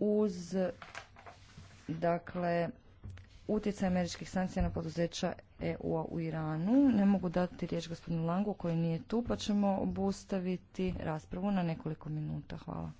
uz dakle utjecaj američkih sankcija na poduzeća EU-a u Iranu. Ne mogu dati riječ gospodinu Langu koji nije tu, pa ćemo obustaviti raspravu na nekoliko minuta. Hvala.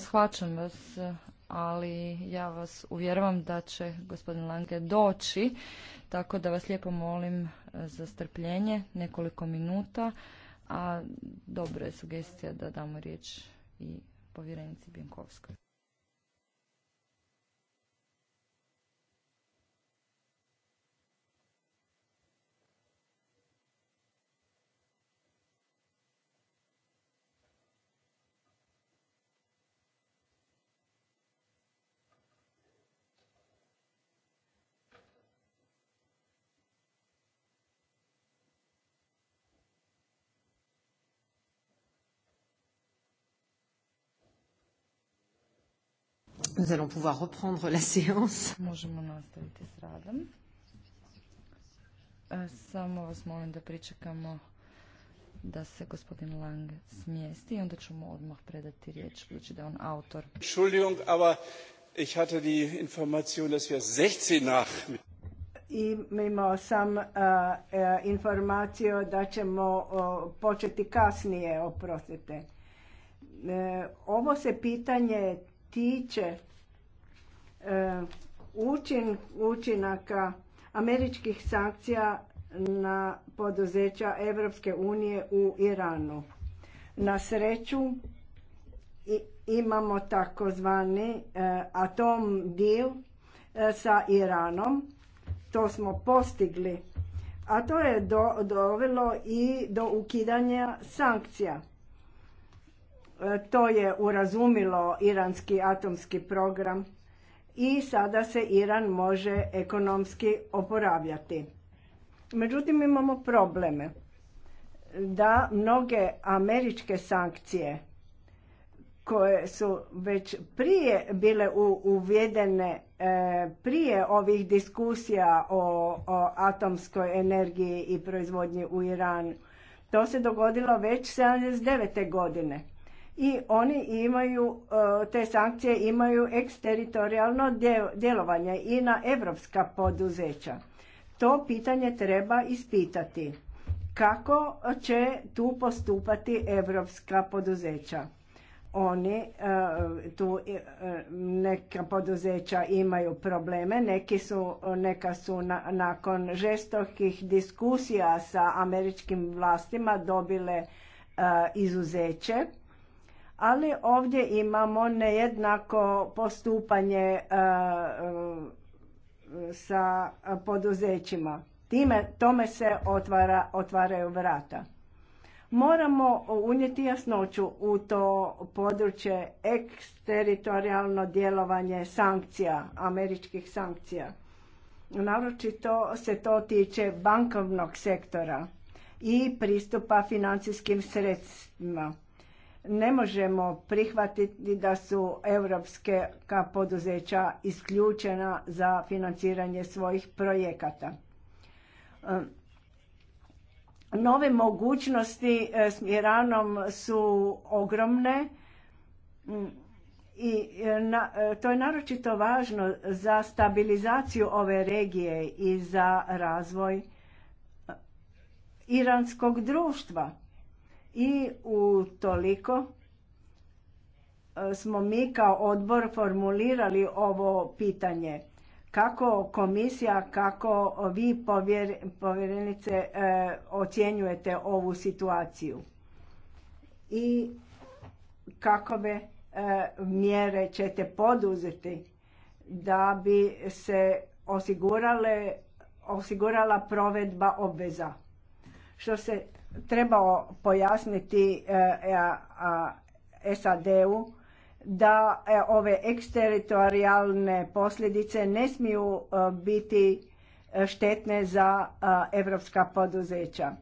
Shvaćam vas, ali ja vas uvjeravam da će gospodin Lange doći, tako da vas lijepo molim za strpljenje nekoliko minuta, a dobra je sugestija da damo riječ i povjerenici Bjenkovskoj. Nous allons pouvoir reprendre la séance. Možemo nastaviti s radom. Samo vas molim da pričekamo da se gospodin Lang smijesti i onda ćemo odmah predati riječ, budući da je on autor. Entschuldigung, aber ich hatte die Information, dass wir 16 nach... I imao sam uh, informaciju da ćemo uh, početi kasnije, oprostite. Uh, ovo se pitanje tiče e, učinaka američkih sankcija na poduzeća Europske unije u Iranu. Na sreću imamo takozvani e, atom deal e, sa Iranom. To smo postigli. A to je dovelo i do ukidanja sankcija. E, to je urazumilo iranski atomski program i sada se Iran može ekonomski oporavljati. Međutim, imamo probleme da mnoge američke sankcije koje su već prije bile uvedene e, prije ovih diskusija o, o atomskoj energiji i proizvodnji u Iranu. To se dogodilo već 79. godine i oni imaju, e, te sankcije imaju eksteritorijalno djelovanje i na evropska poduzeća. To pitanje treba ispitati. Kako će tu postupati evropska poduzeća? Oni e, tu e, neka poduzeća imaju probleme, neki su, neka su nakon žestokih diskusija sa američkim vlastima dobile izuzeće ali ovdje imamo nejednako postupanje e, e, sa poduzećima. Time, tome se otvara, otvaraju vrata. Moramo unijeti jasnoću u to područje eksteritorijalno djelovanje sankcija, američkih sankcija. Naročito se to tiče bankovnog sektora i pristupa financijskim sredstvima ne možemo prihvatiti da su europske poduzeća isključena za financiranje svojih projekata. Um, nove mogućnosti e, s Iranom su ogromne mm, i e, e, to je naročito važno za stabilizaciju ove regije i za razvoj iranskog društva i u toliko e, smo mi kao odbor formulirali ovo pitanje. Kako komisija, kako vi povjerenice e, ocjenjujete ovu situaciju i kakove e, mjere ćete poduzeti da bi se osigurala provedba obveza. Što se trebao pojasniti e, e, SAD-u da e, ove eksteritorijalne posljedice ne smiju biti štetne za evropska poduzeća.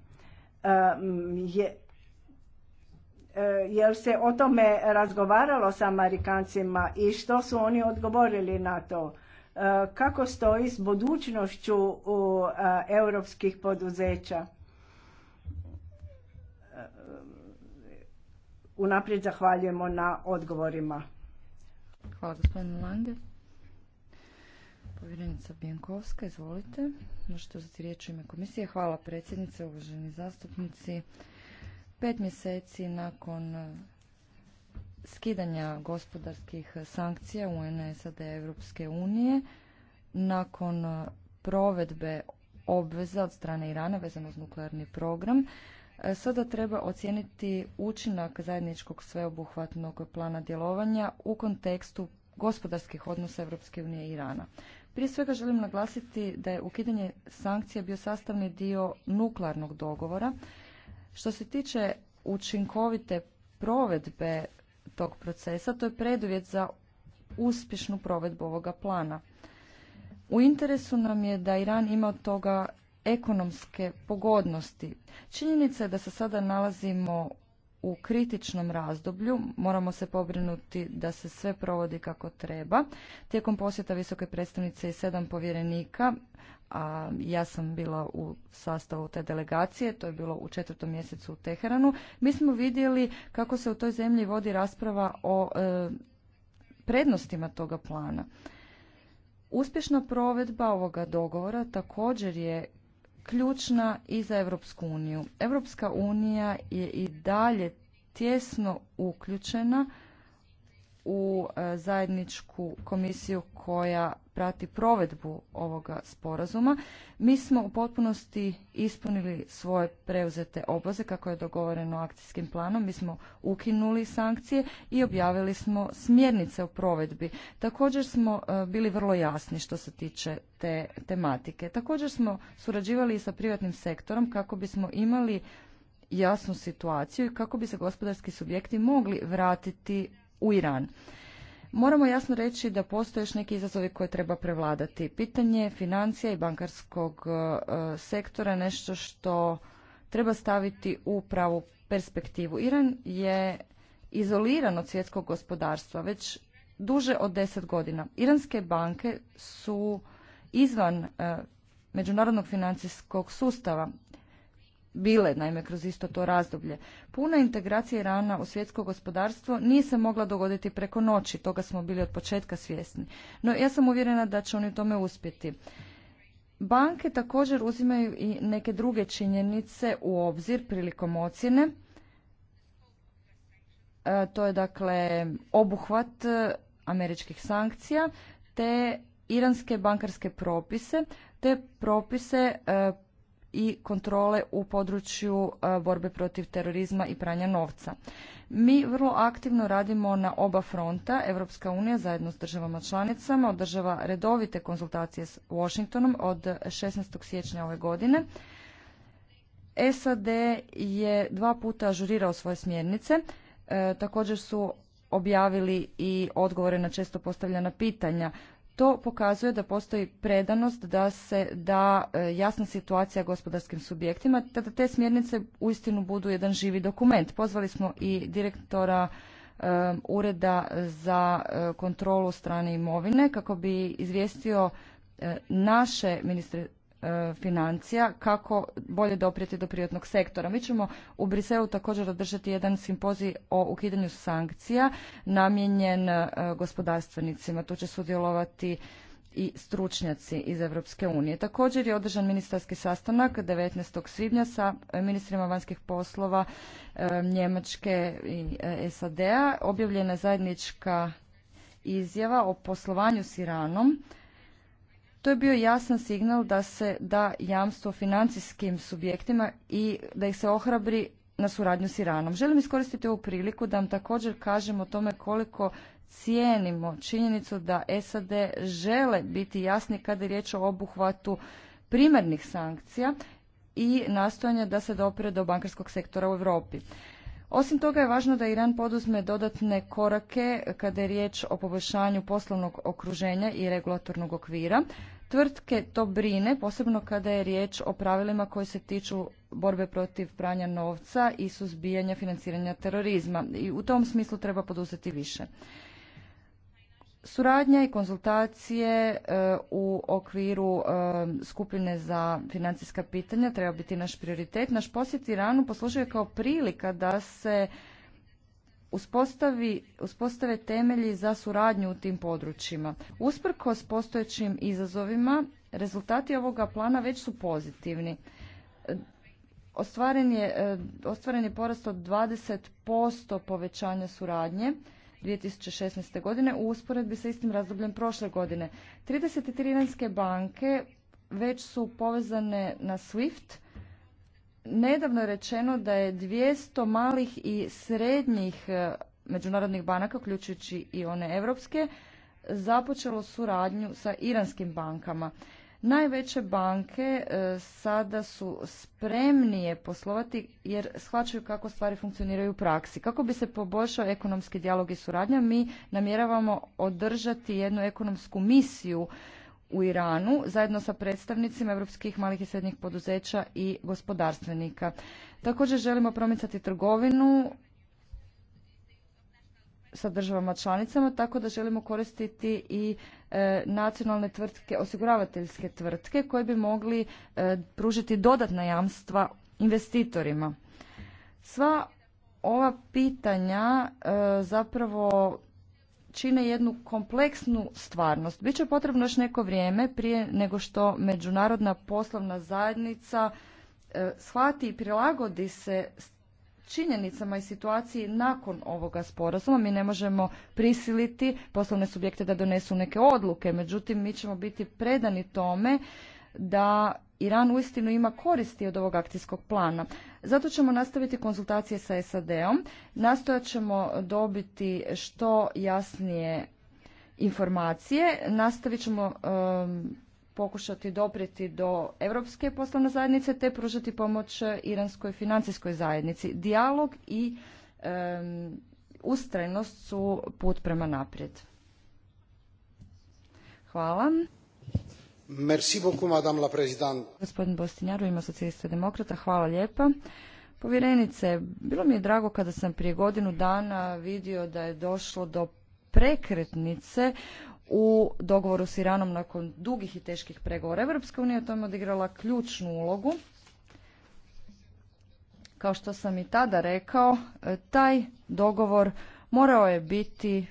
Jer jel se o tome razgovaralo sa Amerikancima i što su oni odgovorili na to? Kako stoji s budućnošću europskih poduzeća? unaprijed zahvaljujemo na odgovorima. Hvala gospodine Lange. Povjerenica Bijankovska, izvolite. Možete uzeti riječ u ime komisije. Hvala predsjednice, uvaženi zastupnici. Pet mjeseci nakon skidanja gospodarskih sankcija UN SAD Europske unije, nakon provedbe obveza od strane Irana vezano uz nuklearni program, E, sada treba ocijeniti učinak zajedničkog sveobuhvatnog plana djelovanja u kontekstu gospodarskih odnosa Europske unije i Irana. Prije svega želim naglasiti da je ukidanje sankcija bio sastavni dio nuklearnog dogovora. Što se tiče učinkovite provedbe tog procesa, to je preduvjet za uspješnu provedbu ovoga plana. U interesu nam je da Iran ima od toga ekonomske pogodnosti. Činjenica je da se sada nalazimo u kritičnom razdoblju, moramo se pobrinuti da se sve provodi kako treba. Tijekom posjeta visoke predstavnice i sedam povjerenika, a ja sam bila u sastavu te delegacije, to je bilo u četvrtom mjesecu u Teheranu, mi smo vidjeli kako se u toj zemlji vodi rasprava o e, prednostima toga plana. Uspješna provedba ovoga dogovora također je ključna i za Europsku uniju. Europska unija je i dalje tjesno uključena u e, zajedničku komisiju koja prati provedbu ovoga sporazuma. Mi smo u potpunosti ispunili svoje preuzete obveze kako je dogovoreno akcijskim planom. Mi smo ukinuli sankcije i objavili smo smjernice u provedbi. Također smo e, bili vrlo jasni što se tiče te tematike. Također smo surađivali i sa privatnim sektorom kako bismo imali jasnu situaciju i kako bi se gospodarski subjekti mogli vratiti u Iran. Moramo jasno reći da postoje još neki izazovi koje treba prevladati. Pitanje financija i bankarskog e, sektora je nešto što treba staviti u pravu perspektivu. Iran je izoliran od svjetskog gospodarstva već duže od deset godina. Iranske banke su izvan e, međunarodnog financijskog sustava bile, naime, kroz isto to razdoblje. Puna integracija Irana u svjetsko gospodarstvo nije se mogla dogoditi preko noći, toga smo bili od početka svjesni. No ja sam uvjerena da će oni u tome uspjeti. Banke također uzimaju i neke druge činjenice u obzir prilikom ocjene. E, to je dakle obuhvat e, američkih sankcija te iranske bankarske propise te propise e, i kontrole u području e, borbe protiv terorizma i pranja novca. Mi vrlo aktivno radimo na oba fronta. Europska unija zajedno s državama članicama održava redovite konzultacije s Washingtonom od 16. siječnja ove godine. SAD je dva puta ažurirao svoje smjernice. E, također su objavili i odgovore na često postavljena pitanja. To pokazuje da postoji predanost da se da e, jasna situacija gospodarskim subjektima, da te smjernice uistinu budu jedan živi dokument. Pozvali smo i direktora e, Ureda za e, kontrolu strane imovine kako bi izvijestio naše ministre E, financija kako bolje doprijeti do privatnog sektora. Mi ćemo u Briselu također održati jedan simpozij o ukidanju sankcija namijenjen e, gospodarstvenicima. Tu će sudjelovati i stručnjaci iz Europske unije. Također je održan ministarski sastanak 19. svibnja sa ministrima vanjskih poslova e, Njemačke i SAD-a. Objavljena je zajednička izjava o poslovanju s Iranom to je bio jasan signal da se da jamstvo financijskim subjektima i da ih se ohrabri na suradnju s Iranom. Želim iskoristiti ovu priliku da vam također kažem o tome koliko cijenimo činjenicu da SAD žele biti jasni kada je riječ o obuhvatu primarnih sankcija i nastojanja da se dopre do bankarskog sektora u Europi. Osim toga je važno da Iran poduzme dodatne korake kada je riječ o poboljšanju poslovnog okruženja i regulatornog okvira. Tvrtke to brine, posebno kada je riječ o pravilima koji se tiču borbe protiv pranja novca i suzbijanja financiranja terorizma. I u tom smislu treba poduzeti više. Suradnja i konzultacije e, u okviru e, skupine za financijska pitanja treba biti naš prioritet. Naš posjet Iranu poslužuje kao prilika da se uspostave temelji za suradnju u tim područjima. s postojećim izazovima, rezultati ovoga plana već su pozitivni. Ostvaren je, e, ostvaren je porast od 20% povećanja suradnje, 2016. godine u usporedbi sa istim razdobljem prošle godine. 33 iranske banke već su povezane na SWIFT. Nedavno je rečeno da je 200 malih i srednjih e, međunarodnih banaka, uključujući i one evropske, započelo suradnju sa iranskim bankama. Najveće banke e, sada su spremnije poslovati jer shvaćaju kako stvari funkcioniraju u praksi. Kako bi se poboljšao ekonomski dijalog i suradnja, mi namjeravamo održati jednu ekonomsku misiju u Iranu zajedno sa predstavnicima europskih malih i srednjih poduzeća i gospodarstvenika. Također želimo promicati trgovinu sa državama članicama, tako da želimo koristiti i e, nacionalne tvrtke, osiguravateljske tvrtke koje bi mogli e, pružiti dodatna jamstva investitorima. Sva ova pitanja e, zapravo čine jednu kompleksnu stvarnost. Biće potrebno još neko vrijeme prije nego što međunarodna poslovna zajednica shvati i prilagodi se činjenicama i situaciji nakon ovoga sporazuma. Mi ne možemo prisiliti poslovne subjekte da donesu neke odluke, međutim mi ćemo biti predani tome da Iran uistinu ima koristi od ovog akcijskog plana. Zato ćemo nastaviti konzultacije sa SAD-om, nastojat ćemo dobiti što jasnije informacije, nastavit ćemo pokušati doprijeti do Europske poslovne zajednice te pružati pomoć iranskoj financijskoj zajednici. Dijalog i e, ustrajnost su put prema naprijed. Hvala. Merci beaucoup, madame la Gospodin Bostinjaru, ima socijalista demokrata, hvala lijepa. Povjerenice, bilo mi je drago kada sam prije godinu dana vidio da je došlo do prekretnice u dogovoru s Iranom nakon dugih i teških pregovora. Evropska unija je tome odigrala ključnu ulogu. Kao što sam i tada rekao, e, taj dogovor morao je biti e,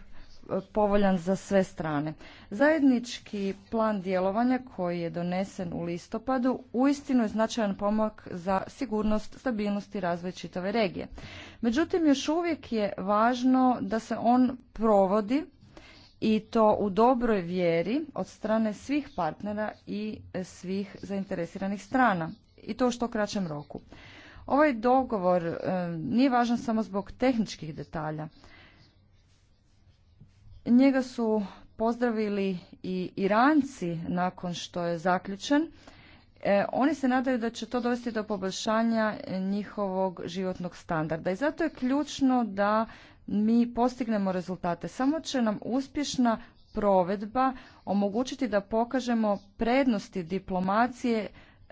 povoljan za sve strane. Zajednički plan djelovanja koji je donesen u listopadu uistinu je značajan pomak za sigurnost, stabilnost i razvoj čitave regije. Međutim, još uvijek je važno da se on provodi i to u dobroj vjeri od strane svih partnera i svih zainteresiranih strana i to u što kraćem roku. Ovaj dogovor e, nije važan samo zbog tehničkih detalja. Njega su pozdravili i Iranci nakon što je zaključen. E, oni se nadaju da će to dovesti do poboljšanja njihovog životnog standarda i zato je ključno da mi postignemo rezultate. Samo će nam uspješna provedba omogućiti da pokažemo prednosti diplomacije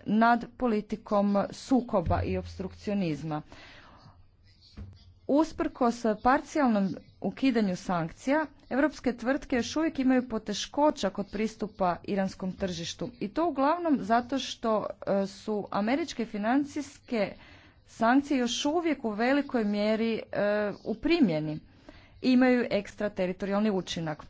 nad politikom sukoba i obstrukcionizma. Usprkos parcijalnom ukidanju sankcija, europske tvrtke još uvijek imaju poteškoća kod pristupa iranskom tržištu. I to uglavnom zato što e, su američke financijske sankcije još uvijek u velikoj mjeri e, u primjeni i imaju teritorijalni učinak.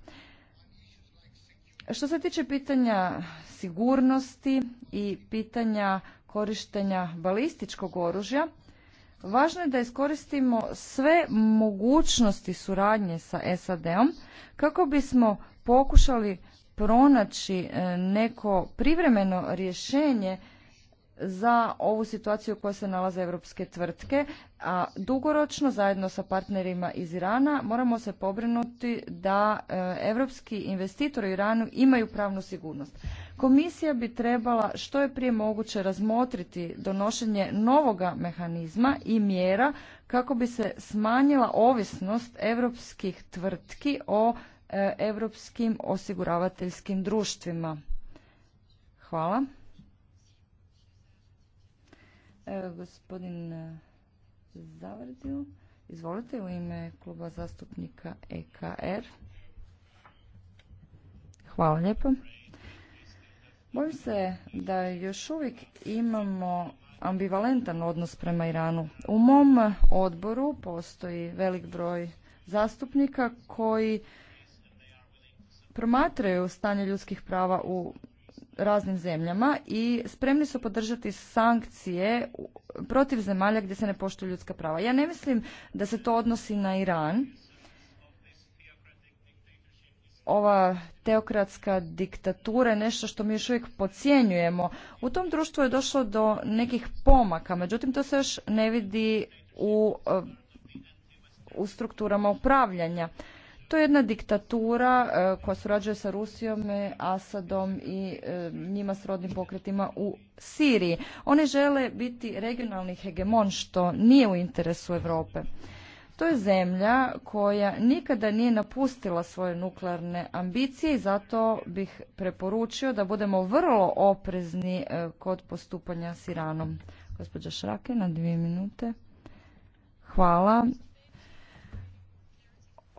Što se tiče pitanja sigurnosti i pitanja korištenja balističkog oružja, važno je da iskoristimo sve mogućnosti suradnje sa SAD-om kako bismo pokušali pronaći e, neko privremeno rješenje za ovu situaciju u kojoj se nalaze europske tvrtke, a dugoročno zajedno sa partnerima iz Irana moramo se pobrinuti da europski investitori u Iranu imaju pravnu sigurnost. Komisija bi trebala što je prije moguće razmotriti donošenje novoga mehanizma i mjera kako bi se smanjila ovisnost europskih tvrtki o europskim osiguravateljskim društvima. Hvala. Evo, gospodin e, Zavrdil, izvolite u ime kluba zastupnika EKR. Er. Hvala lijepo. Bojim se da još uvijek imamo ambivalentan odnos prema Iranu. U mom odboru postoji velik broj zastupnika koji promatraju stanje ljudskih prava u raznim zemljama i spremni su podržati sankcije protiv zemalja gdje se ne poštuju ljudska prava. Ja ne mislim da se to odnosi na Iran. Ova teokratska diktatura je nešto što mi još uvijek pocijenjujemo. U tom društvu je došlo do nekih pomaka, međutim to se još ne vidi u, u strukturama upravljanja. To je jedna diktatura e, koja surađuje sa Rusijom, e, Asadom i e, njima srodnim pokretima u Siriji. Oni žele biti regionalni hegemon što nije u interesu Europe. To je zemlja koja nikada nije napustila svoje nuklearne ambicije i zato bih preporučio da budemo vrlo oprezni kod postupanja s Iranom. Gospođa Šrake, na dvije minute. Hvala.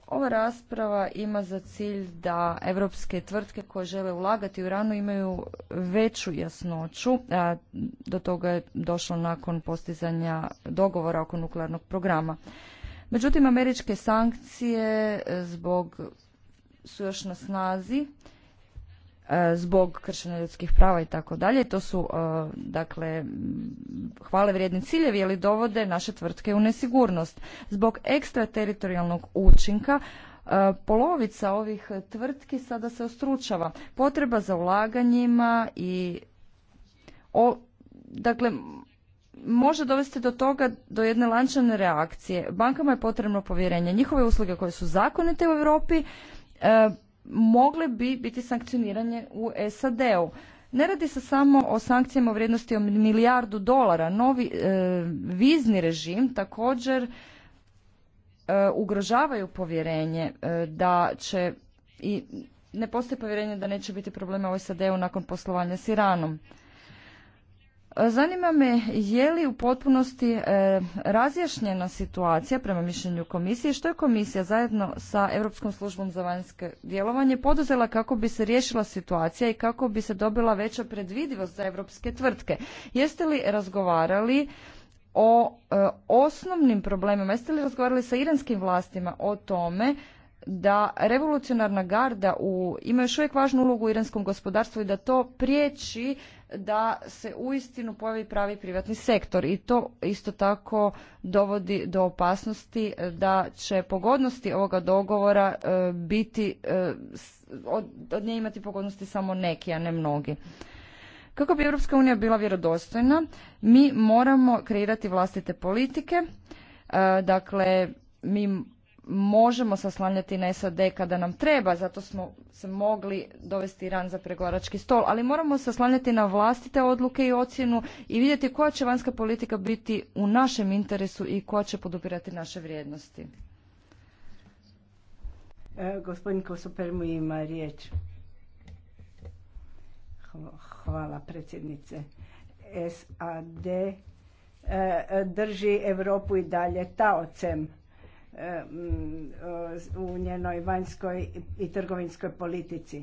Ova rasprava ima za cilj da evropske tvrtke koje žele ulagati u ranu imaju veću jasnoću. Do toga je došlo nakon postizanja dogovora oko nuklearnog programa. Međutim, američke sankcije zbog su još na snazi E, zbog kršenja ljudskih prava i tako dalje. To su e, dakle hvale vrijedni ciljevi ali dovode naše tvrtke u nesigurnost. Zbog ekstra teritorijalnog učinka e, polovica ovih tvrtki sada se ostručava. Potreba za ulaganjima i dakle može dovesti do toga do jedne lančane reakcije. Bankama je potrebno povjerenje. Njihove usluge koje su zakonite u Europi mogle bi biti sankcioniranje u SAD-u. Ne radi se samo o sankcijama u vrijednosti o milijardu dolara. Novi e, vizni režim također e, ugrožavaju povjerenje e, da će i ne postoji povjerenje da neće biti problema u SAD-u nakon poslovanja s Iranom. Zanima me je li u potpunosti e, razjašnjena situacija prema mišljenju komisije, što je komisija zajedno sa Europskom službom za vanjske djelovanje poduzela kako bi se riješila situacija i kako bi se dobila veća predvidivost za europske tvrtke. Jeste li razgovarali o e, osnovnim problemima, jeste li razgovarali sa iranskim vlastima o tome da revolucionarna garda u, ima još uvijek važnu ulogu u iranskom gospodarstvu i da to priječi da se uistinu pojavi pravi privatni sektor i to isto tako dovodi do opasnosti da će pogodnosti ovoga dogovora e, biti e, od, nje imati pogodnosti samo neki, a ne mnogi. Kako bi Europska unija bila vjerodostojna, mi moramo kreirati vlastite politike, e, dakle mi možemo saslanjati na SAD kada nam treba, zato smo se mogli dovesti ran za pregovarački stol, ali moramo saslanjati na vlastite odluke i ocjenu i vidjeti koja će vanjska politika biti u našem interesu i koja će podupirati naše vrijednosti. E, gospodin Kosopermu ima riječ. Hvala predsjednice. SAD e, drži Europu i dalje taocem E, mm, e, u njenoj vanjskoj i trgovinskoj politici.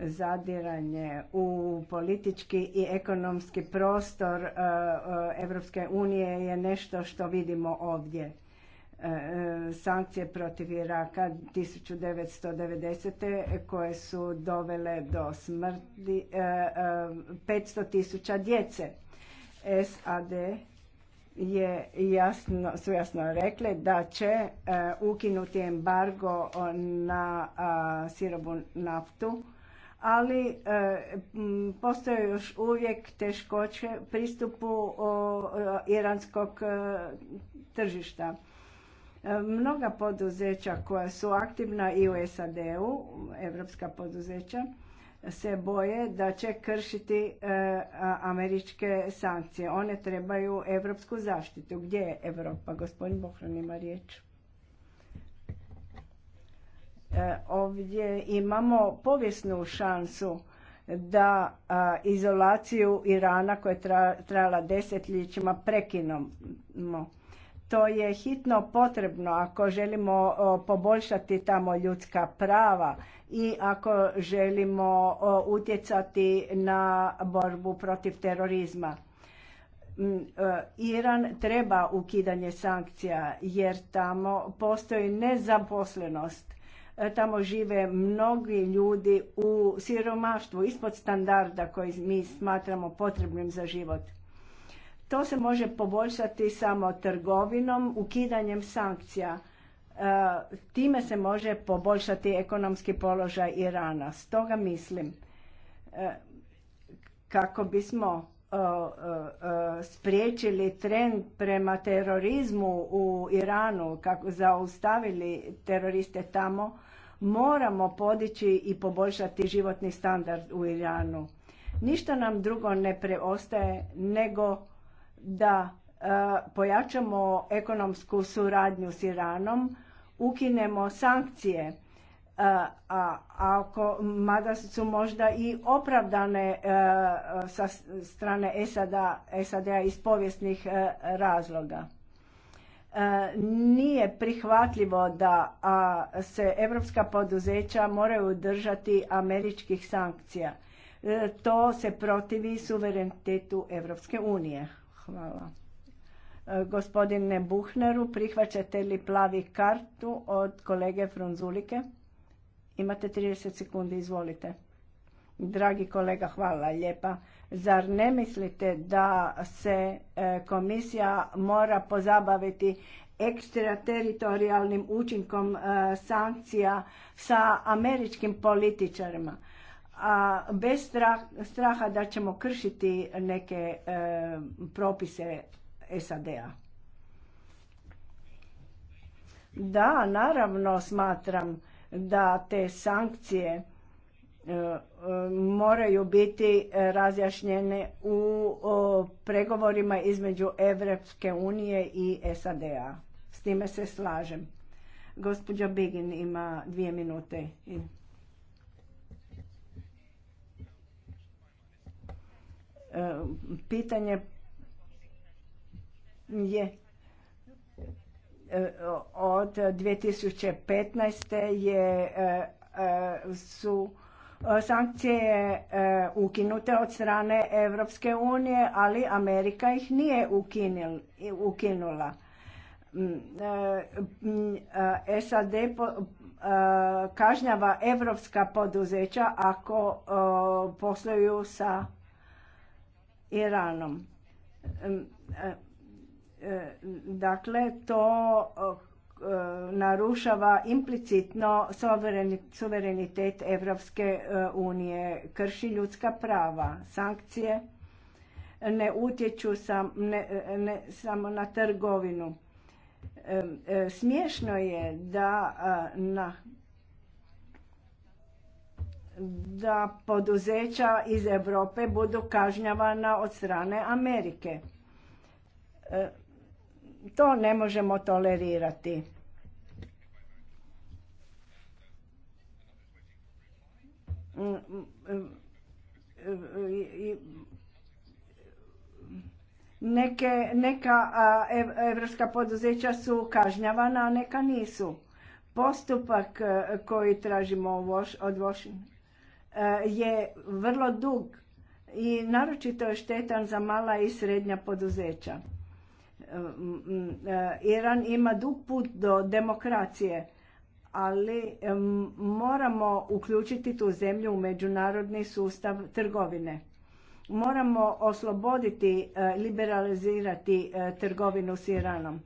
Zadiranje u politički i ekonomski prostor Europske e, unije je nešto što vidimo ovdje. Sankcije protiv Iraka 1990. koje su dovele do smrti 500.000 tisuća djece. SAD je jasno, su jasno rekle da će e, ukinuti embargo na a, naftu, ali e, postoje još uvijek teškoće pristupu o, e, iranskog e, tržišta. Mnoga poduzeća koja su aktivna i u SAD-u, evropska poduzeća, se boje da će kršiti e, američke sankcije. One trebaju evropsku zaštitu. Gdje je Europa? Gospodin Bohran ima riječ. E, ovdje imamo povijesnu šansu da izolaciju Irana koja je trajala desetljećima prekinemo to je hitno potrebno ako želimo poboljšati tamo ljudska prava i ako želimo utjecati na borbu protiv terorizma. Mm, e, Iran treba ukidanje sankcija jer tamo postoji nezaposlenost. E, tamo žive mnogi ljudi u siromaštvu ispod standarda koji mi smatramo potrebnim za život to se može poboljšati samo trgovinom, ukidanjem sankcija. E, time se može poboljšati ekonomski položaj Irana. Stoga mislim e, kako bismo e, spriječili trend prema terorizmu u Iranu, kako zaustavili teroriste tamo, moramo podići i poboljšati životni standard u Iranu. Ništa nam drugo ne preostaje nego da e, pojačamo ekonomsku suradnju s Iranom, ukinemo sankcije, e, a ako mada su možda i opravdane e, sa strane SAD-a iz povijesnih razloga. Nije prihvatljivo da se evropska poduzeća moraju držati američkih sankcija. To se protivi suverenitetu Evropske unije. Hvala. E, gospodine Buhneru, prihvaćate li plavi kartu od kolege Frunzulike? Imate 30 sekundi, izvolite. Dragi kolega, hvala lijepa. Zar ne mislite da se e, komisija mora pozabaviti ekstrateritorijalnim učinkom e, sankcija sa američkim političarima? a bez straha da ćemo kršiti neke e, propise SAD-a. Da, naravno smatram da te sankcije e, e, moraju biti razjašnjene u pregovorima između Evropske unije i SAD-a. S time se slažem. Gospođa Bigin ima dvije minute. Pitanje je e, od 2015. je e, e, su sankcije ukinute od strane Europske unije, ali Amerika ih nije ukinula. Mm, mm, SAD kažnjava evropska poduzeća ako posluju sa Iranom. E, e, dakle, to e, narušava implicitno suverenitet Evropske unije, krši ljudska prava, sankcije ne utječu ne, samo na trgovinu. Smiješno je da na da poduzeća iz Europe budu kažnjavana od strane Amerike. E, to ne možemo tolerirati. Neke, neka evropska poduzeća su kažnjavana, a neka nisu. Postupak e, koji tražimo od Washingtona Eh, je vrlo dug i naročito je štetan za mala i srednja poduzeća. Eh, eh, Iran ima dug put do demokracije, ali moramo uključiti tu zemlju u međunarodni sustav trgovine. Moramo osloboditi, liberalizirati trgovinu s Iranom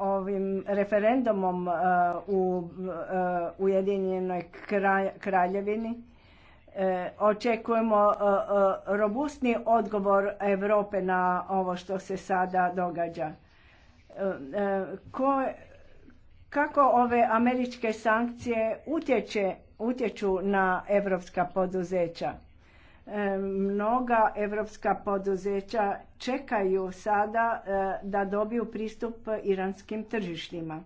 ovim referendumom e, u e, Ujedinjenoj kraljevini e, očekujemo robustni odgovor Europe na ovo što se sada događa. kako ove američke sankcije utječu na europska poduzeća? E, mnoga evropska poduzeća čekaju sada e, da dobiju pristup iranskim tržištima.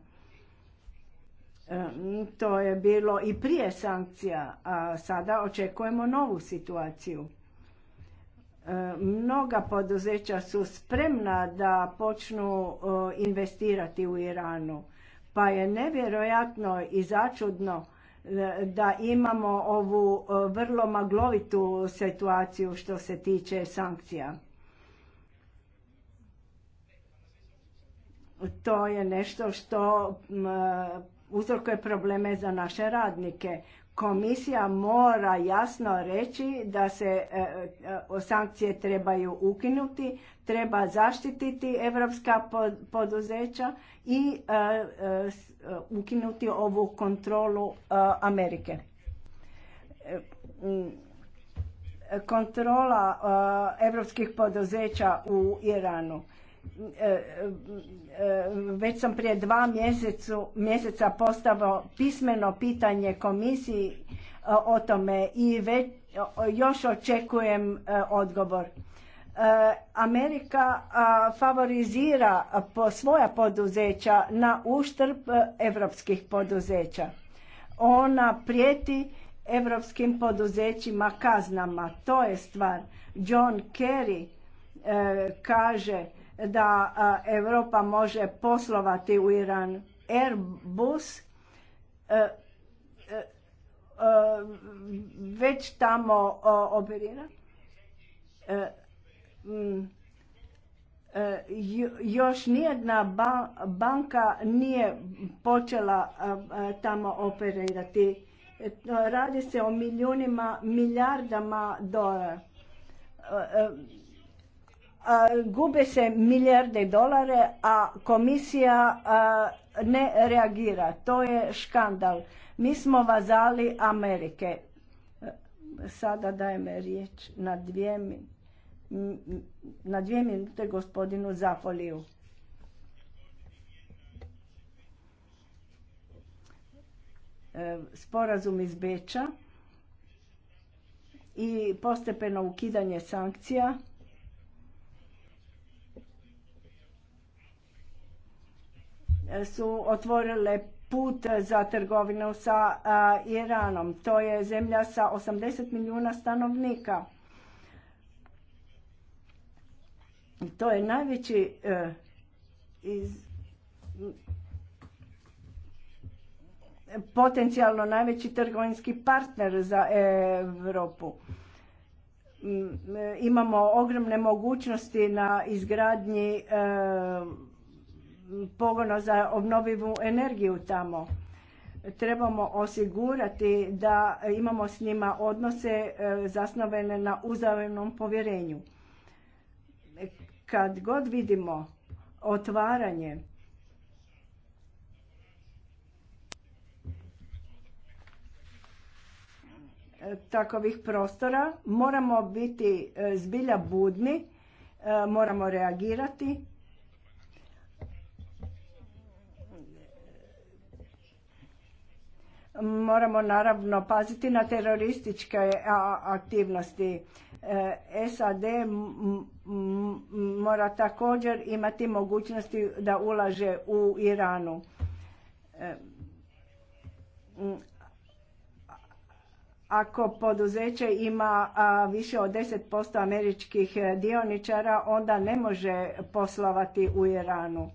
E, to je bilo i prije sankcija, a sada očekujemo novu situaciju. Mnoga poduzeća su spremna da počnu investirati u Iranu, pa je nevjerojatno i začudno da imamo ovu e, vrlo maglovitu situaciju što se tiče sankcija. To je nešto što e, uzrokuje probleme za naše radnike. Komisija mora jasno reći da se e, sankcije trebaju ukinuti, treba zaštititi evropska poduzeća i e, e, e, ukinuti ovu kontrolu Amerike. Kontrola evropskih poduzeća u Iranu. Već sam prije dva mjeseca postavao pismeno pitanje komisiji o tome i već, još očekujem odgovor Eh, Amerika eh, favorizira eh, svoja poduzeća na uštrb evropskih poduzeća. Ona prijeti evropskim poduzećima kaznama. To je stvar. John Kerry kaže da Europa može poslovati u Iran. Airbus već tamo operira Mm. E, još nijedna banka nije počela e, e, tamo operirati. Radi se o milijunima, milijardama dolara. Gube se milijarde dolare, a komisija ne reagira. To je škandal. Mi smo vazali Amerike. Sada dajme riječ na dvije na dvije minute gospodinu Zafoliju. E, sporazum iz Beča i postepeno ukidanje sankcija e, su otvorile put za trgovinu sa Iranom. To je zemlja sa 80 milijuna stanovnika To je najveći e, iz, potencijalno najveći trgovinski partner za e, Europu. Mm, e, imamo ogromne mogućnosti na izgradnji pogona za obnovivu energiju tamo. Trebamo osigurati da imamo s njima odnose zasnovene na uzajamnom povjerenju. Kad god vidimo otvaranje e, takovih prostora, moramo biti e, zbilja budni, e, moramo reagirati. Moramo naravno paziti na terorističke aktivnosti. E, SAD mora također imati mogućnosti da ulaže u Iranu. E, ako poduzeće ima više od 10% američkih dioničara, onda ne može poslovati u Iranu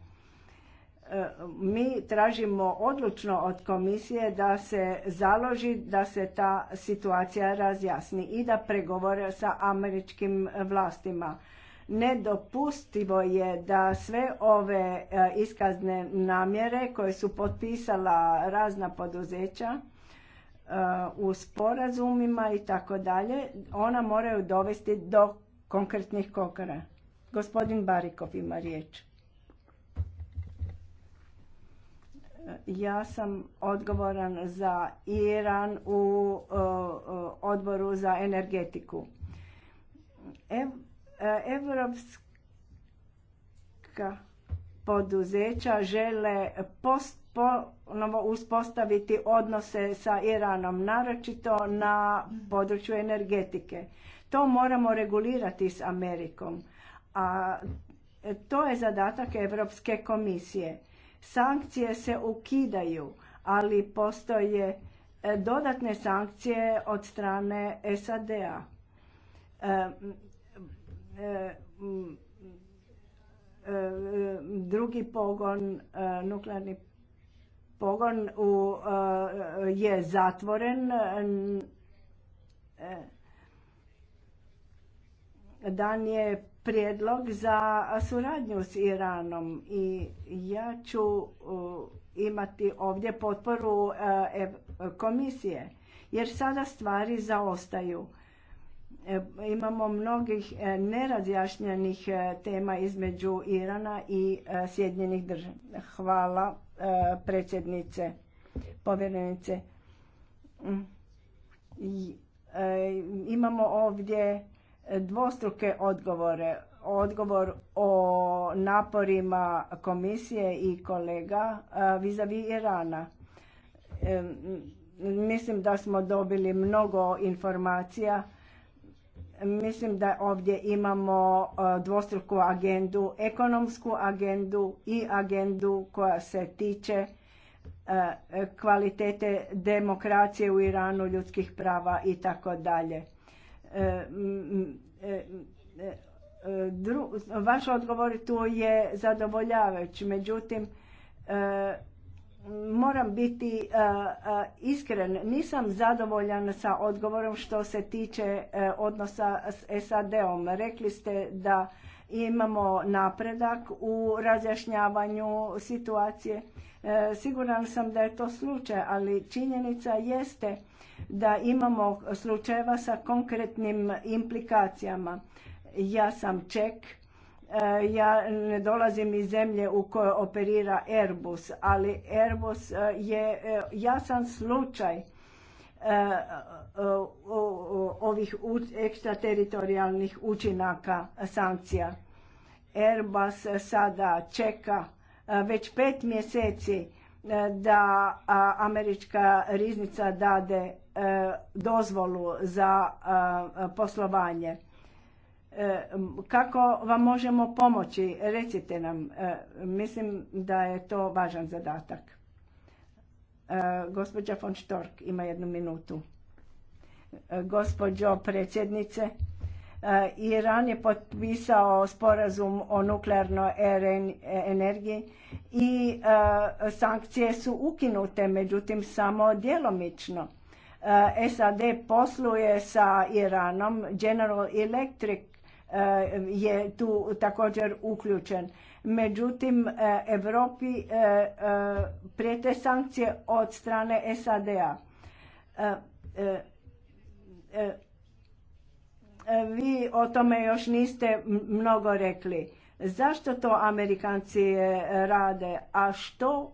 mi tražimo odlučno od komisije da se založi da se ta situacija razjasni i da pregovore sa američkim vlastima. Nedopustivo je da sve ove e, iskazne namjere koje su potpisala razna poduzeća e, u sporazumima i tako dalje, ona moraju dovesti do konkretnih kokara. Gospodin Barikov ima riječ. Ja sam odgovoran za Iran u odboru za energetiku. E, evropska poduzeća žele ponovo uspostaviti odnose sa Iranom, naročito na području energetike. To moramo regulirati s Amerikom, a to je zadatak Europske komisije. Sankcije se ukidaju, ali postoje e, dodatne sankcije od strane SAD-a. E, e, drugi pogon, nuklearni pogon je zatvoren. Dan je prijedlog za suradnju s Iranom i ja ću imati ovdje potporu e, komisije jer sada stvari zaostaju. E, imamo mnogih e, nerazjašnjenih tema između Irana i Sjedinjenih država. Hvala predsjednice, povjerenice. Mm. Imamo ovdje dvostruke odgovore. Odgovor o naporima komisije i kolega vizavi Irana. Mislim da smo dobili mnogo informacija. Mislim da ovdje imamo dvostruku agendu, ekonomsku agendu i agendu koja se tiče kvalitete demokracije u Iranu, ljudskih prava i tako dalje E, e, e, vaš odgovor tu je zadovoljavajući, međutim moram biti iskren, nisam zadovoljan sa odgovorom što se tiče odnosa s SAD-om. Rekli ste da imamo napredak u razjašnjavanju situacije. Siguran sam da je to slučaj, ali činjenica jeste da imamo slučajeva sa konkretnim implikacijama. Ja sam Ček, e, ja ne dolazim iz zemlje u kojoj operira Airbus, ali Airbus e, je e, jasan slučaj ovih ekstrateritorijalnih učinaka sankcija. Airbus sada čeka već pet mjeseci da američka riznica dade E, dozvolu za e, poslovanje. E, kako vam možemo pomoći? Recite nam. Mislim da je to važan zadatak. Gospođa von Štork ima jednu minutu. Gospođo predsjednice, Iran je potpisao sporazum o nuklearnoj energiji i sankcije su ukinute, međutim samo djelomično E, SAD posluje sa Iranom, General Electric e, je tu također uključen. Međutim, Europi e, prijete sankcije od strane SAD-a. Vi o tome još niste mnogo rekli. Zašto to Amerikanci rade, a što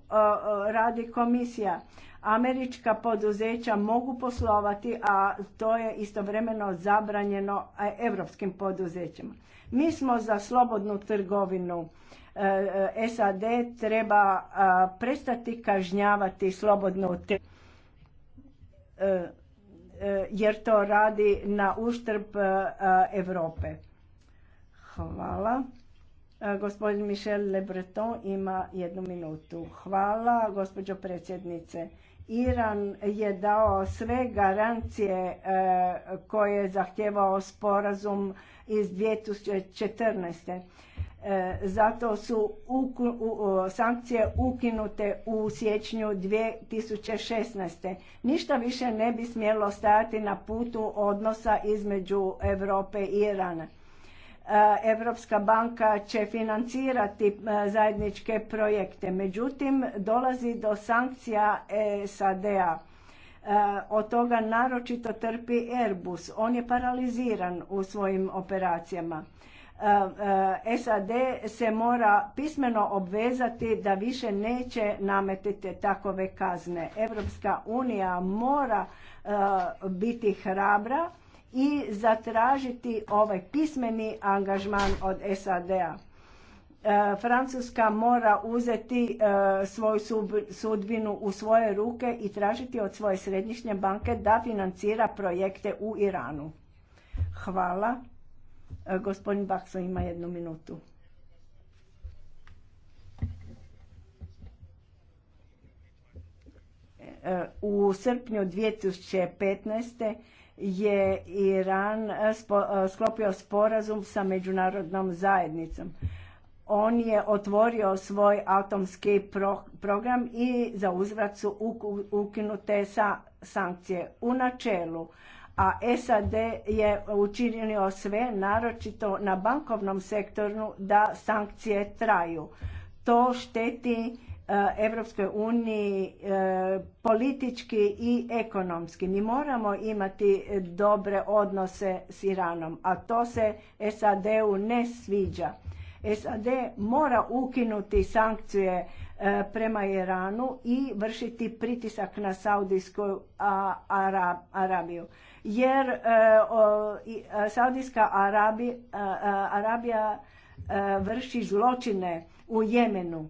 radi komisija? Američka poduzeća mogu poslovati, a to je istovremeno zabranjeno evropskim poduzećima. Mi smo za slobodnu trgovinu. E, e, SAD treba prestati kažnjavati slobodnu trgovinu. E, jer to radi na uštrb Europe. Hvala. Gospodin Michel Le Breton ima jednu minutu. Hvala, gospođo predsjednice. Iran je dao sve garancije e, koje je zahtjevao sporazum iz 2014. E, zato su sankcije ukinute u siječnju 2016. Ništa više ne bi smjelo stajati na putu odnosa između Europe i Irana Europska eh, banka će financirati eh, zajedničke projekte. Međutim, dolazi do sankcija e SAD-a. Eh, od toga naročito trpi Airbus. On je paraliziran u svojim operacijama. SAD se mora pismeno obvezati da više neće nametiti takove kazne. Europska unija mora biti hrabra i zatražiti ovaj pismeni angažman od SAD-a. E, Francuska mora uzeti e, svoju sudbinu u svoje ruke i tražiti od svoje središnje banke da financira projekte u Iranu. Hvala. E, gospodin Bakso ima jednu minutu. U srpnju 2015 je Iran e, e, sklopio sporazum sa međunarodnom zajednicom. On je otvorio svoj atomski program i za uzvrat su ukinute sa sankcije u načelu. A SAD je učinio sve, naročito na bankovnom sektoru, da sankcije traju. To šteti Eh, Evropskoj uniji eh, politički i ekonomski. Mi moramo imati dobre odnose s Iranom, a to se SAD-u ne sviđa. SAD mora ukinuti sankcije eh, prema Iranu i vršiti pritisak na Saudijsku Arabiju. Jer Saudijska Arabija vrši zločine u Jemenu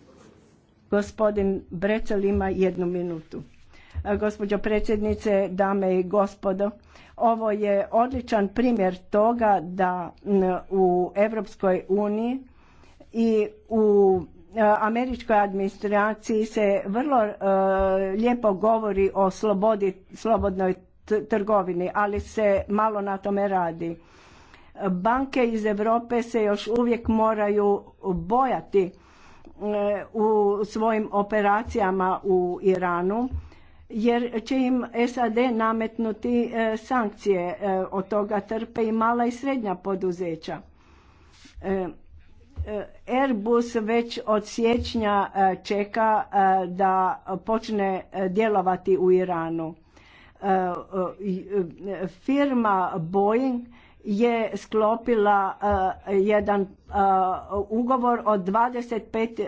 Gospodin Brecel ima jednu minutu. E, gospođo predsjednice, dame i gospodo, ovo je odličan primjer toga da u Europskoj uniji i u e, američkoj administraciji se vrlo e, lijepo govori o slobodi, slobodnoj trgovini, ali se malo na tome radi. Banke iz Europe se još uvijek moraju bojati u svojim operacijama u Iranu jer će im SAD nametnuti e, sankcije, e, od toga trpe i mala i srednja poduzeća. E, Airbus već od siječnja čeka da počne djelovati u Iranu. Firma Boeing je sklopila e, jedan e, ugovor od 25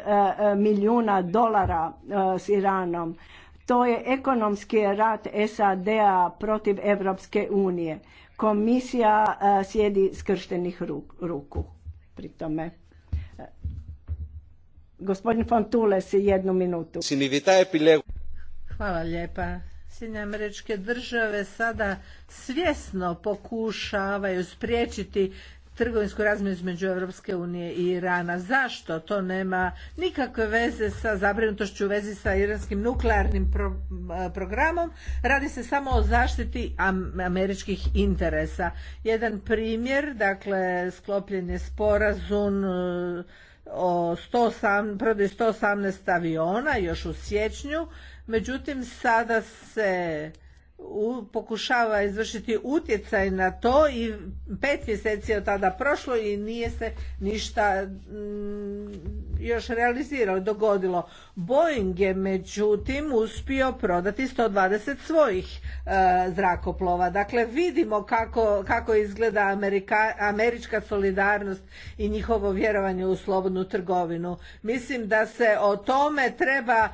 e, milijuna dolara s Iranom. To je ekonomski rat SAD-a protiv Evropske unije. Komisija sjedi skrštenih ruku pri tome. Gospodin Fontules, jednu minutu. Hvala lijepa. SAD države sada svjesno pokušavaju spriječiti trgovinsku razmjenu između Europske unije i Irana. Zašto? To nema nikakve veze sa zabrinutošću u vezi sa iranskim nuklearnim programom. Radi se samo o zaštiti američkih interesa. Jedan primjer, dakle, sklopljen je sporazum e, o 118, prodaju 118 aviona još u siječnju međutim sada se pokušava izvršiti utjecaj na to i pet mjeseci je od tada prošlo i nije se ništa još realizirao, dogodilo. Boeing je međutim uspio prodati 120 svojih e, zrakoplova. Dakle, vidimo kako, kako izgleda američka solidarnost i njihovo vjerovanje u slobodnu trgovinu. Mislim da se o tome treba e,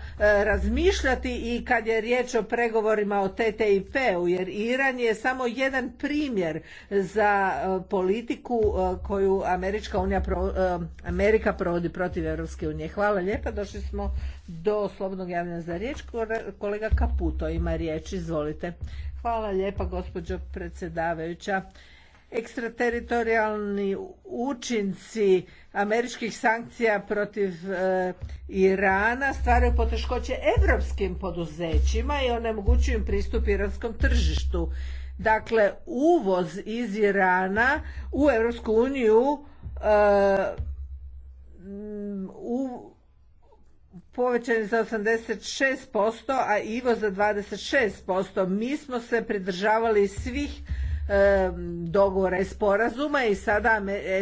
razmišljati i kad je riječ o pregovorima o TTIP-u, jer Iran je samo jedan primjer za e, politiku koju Američka unija Amerika provodi protiv EU. Europske unije. Hvala lijepa, došli smo do slobodnog javljanja za riječ. Kolega Kaputo ima riječ, izvolite. Hvala lijepa, gospođo predsjedavajuća. Ekstrateritorijalni učinci američkih sankcija protiv e, Irana stvaraju poteškoće evropskim poduzećima i onemogućuju im pristup iranskom tržištu. Dakle, uvoz iz Irana u Europsku uniju e, Mm, u povećan za 86%, a Ivo za 26%. Mi smo se pridržavali svih dogovora i sporazuma i sada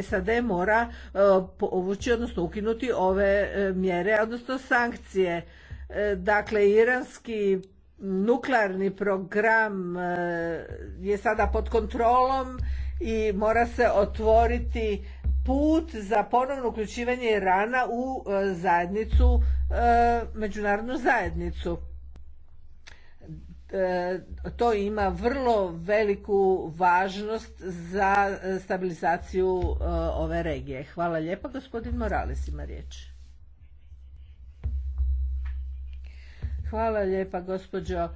SAD mora e, povući, odnosno ukinuti ove e, mjere, odnosno sankcije. E, dakle, iranski nuklearni program e, je sada pod kontrolom i mora se otvoriti put za ponovno uključivanje Irana u e, zajednicu, e, međunarodnu zajednicu. E, to ima vrlo veliku važnost za stabilizaciju ove regije. Hvala lijepa. Gospodin Morales ima riječ. Hvala lijepa gospođo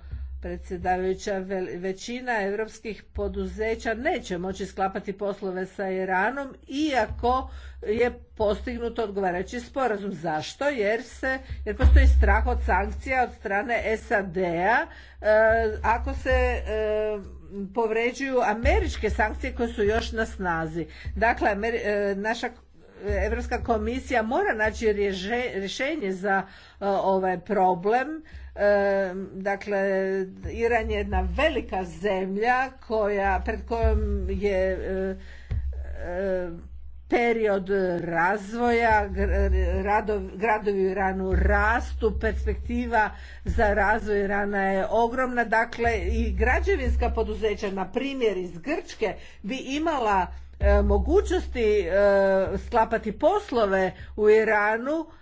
predsjedavajuća većina europskih poduzeća neće moći sklapati poslove sa Iranom iako je postignut odgovarajući sporazum. Zašto? Jer se, jer postoji strah od sankcija od strane SAD-a eh, ako se eh, povređuju američke sankcije koje su još na snazi. Dakle, eh, naša Europska komisija mora naći rješenje za ovaj problem E, dakle, Iran je jedna velika zemlja koja, pred kojom je e, e, period razvoja, gradovi u Iranu rastu, perspektiva za razvoj Irana je ogromna. Dakle, i građevinska poduzeća, na primjer iz Grčke, bi imala e, mogućnosti sklapati poslove u Iranu,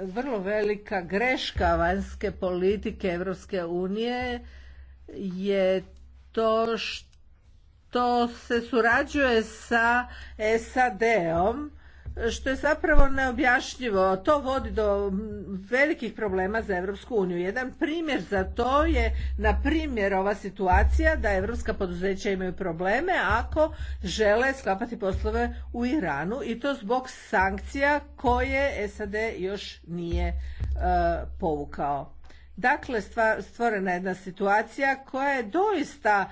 vrlo velika greška vanjske politike Europske unije je to što se surađuje sa SAD-om što je zapravo neobjašnjivo. To vodi do velikih problema za Europsku uniju. Jedan primjer za to je, na primjer, ova situacija da europska poduzeća imaju probleme ako žele sklapati poslove u Iranu i to zbog sankcija koje SAD još nije e, povukao. Dakle, stvorena je jedna situacija koja je doista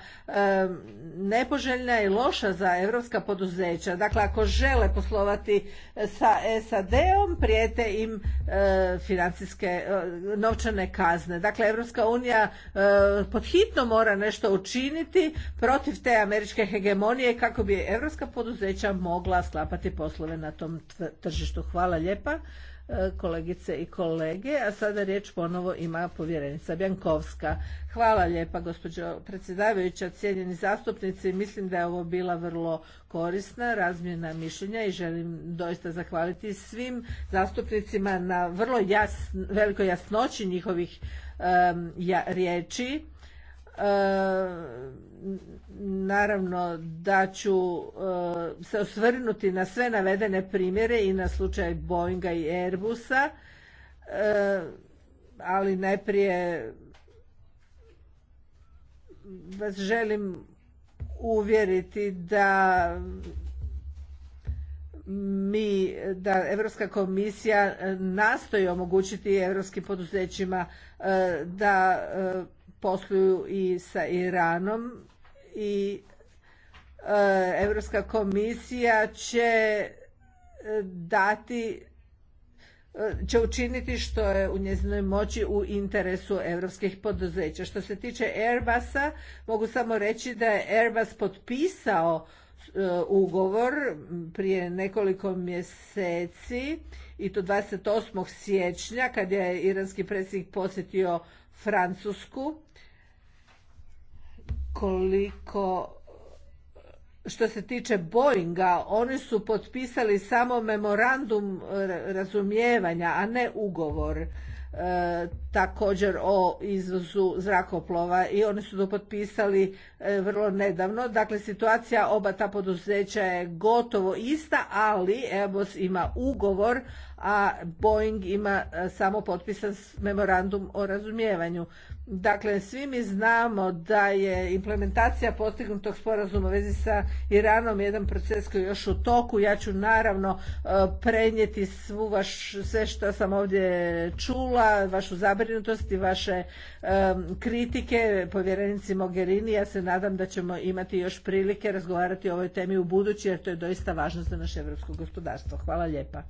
nepoželjna i loša za europska poduzeća. Dakle, ako žele poslovati e, sa SAD-om, prijete im e, financijske e, novčane kazne. Dakle, Evropska unija podhitno mora nešto učiniti protiv te američke hegemonije kako bi europska poduzeća mogla sklapati poslove na tom tržištu. Hvala lijepa. E, kolegice i kolege. A sada riječ ponovo ima povjerenica Bjankovska. Hvala lijepa gospođo predsjedavajuća, cijenjeni zastupnici. Mislim da je ovo bila vrlo korisna razmjena mišljenja i želim doista zahvaliti svim zastupnicima na vrlo veliko velikoj jasnoći njihovih riječi E, naravno da ću e, se osvrnuti na sve navedene primjere i na slučaj Boeinga i Airbusa, e, ali najprije vas želim uvjeriti da mi da Europska komisija nastoji omogućiti europskim poduzećima da posluju i sa Iranom i Europska komisija će e, dati e, će učiniti što je u njezinoj moći u interesu europskih poduzeća. Što se tiče Airbusa, mogu samo reći da je Airbus potpisao e, ugovor prije nekoliko mjeseci i to 28. siječnja kad je iranski predsjednik posjetio Francusku koliko što se tiče Boeinga, oni su potpisali samo memorandum eh, razumijevanja, a ne ugovor. Eh, također o izvozu zrakoplova i oni su to potpisali e, vrlo nedavno. Dakle, situacija oba ta poduzeća je gotovo ista, ali Airbus ima ugovor, a Boeing ima e, samo potpisan memorandum o razumijevanju. Dakle, svi mi znamo da je implementacija postignutog sporazuma u vezi sa Iranom jedan proces koji je još u toku. Ja ću naravno e, prenijeti vaš, sve što sam ovdje čula, vašu zabrinutosti, vaše kritike povjerenici Mogherini. Ja se nadam da ćemo imati još prilike razgovarati o ovoj temi u budući jer to je doista važno za naše evropsko gospodarstvo. Hvala lijepa.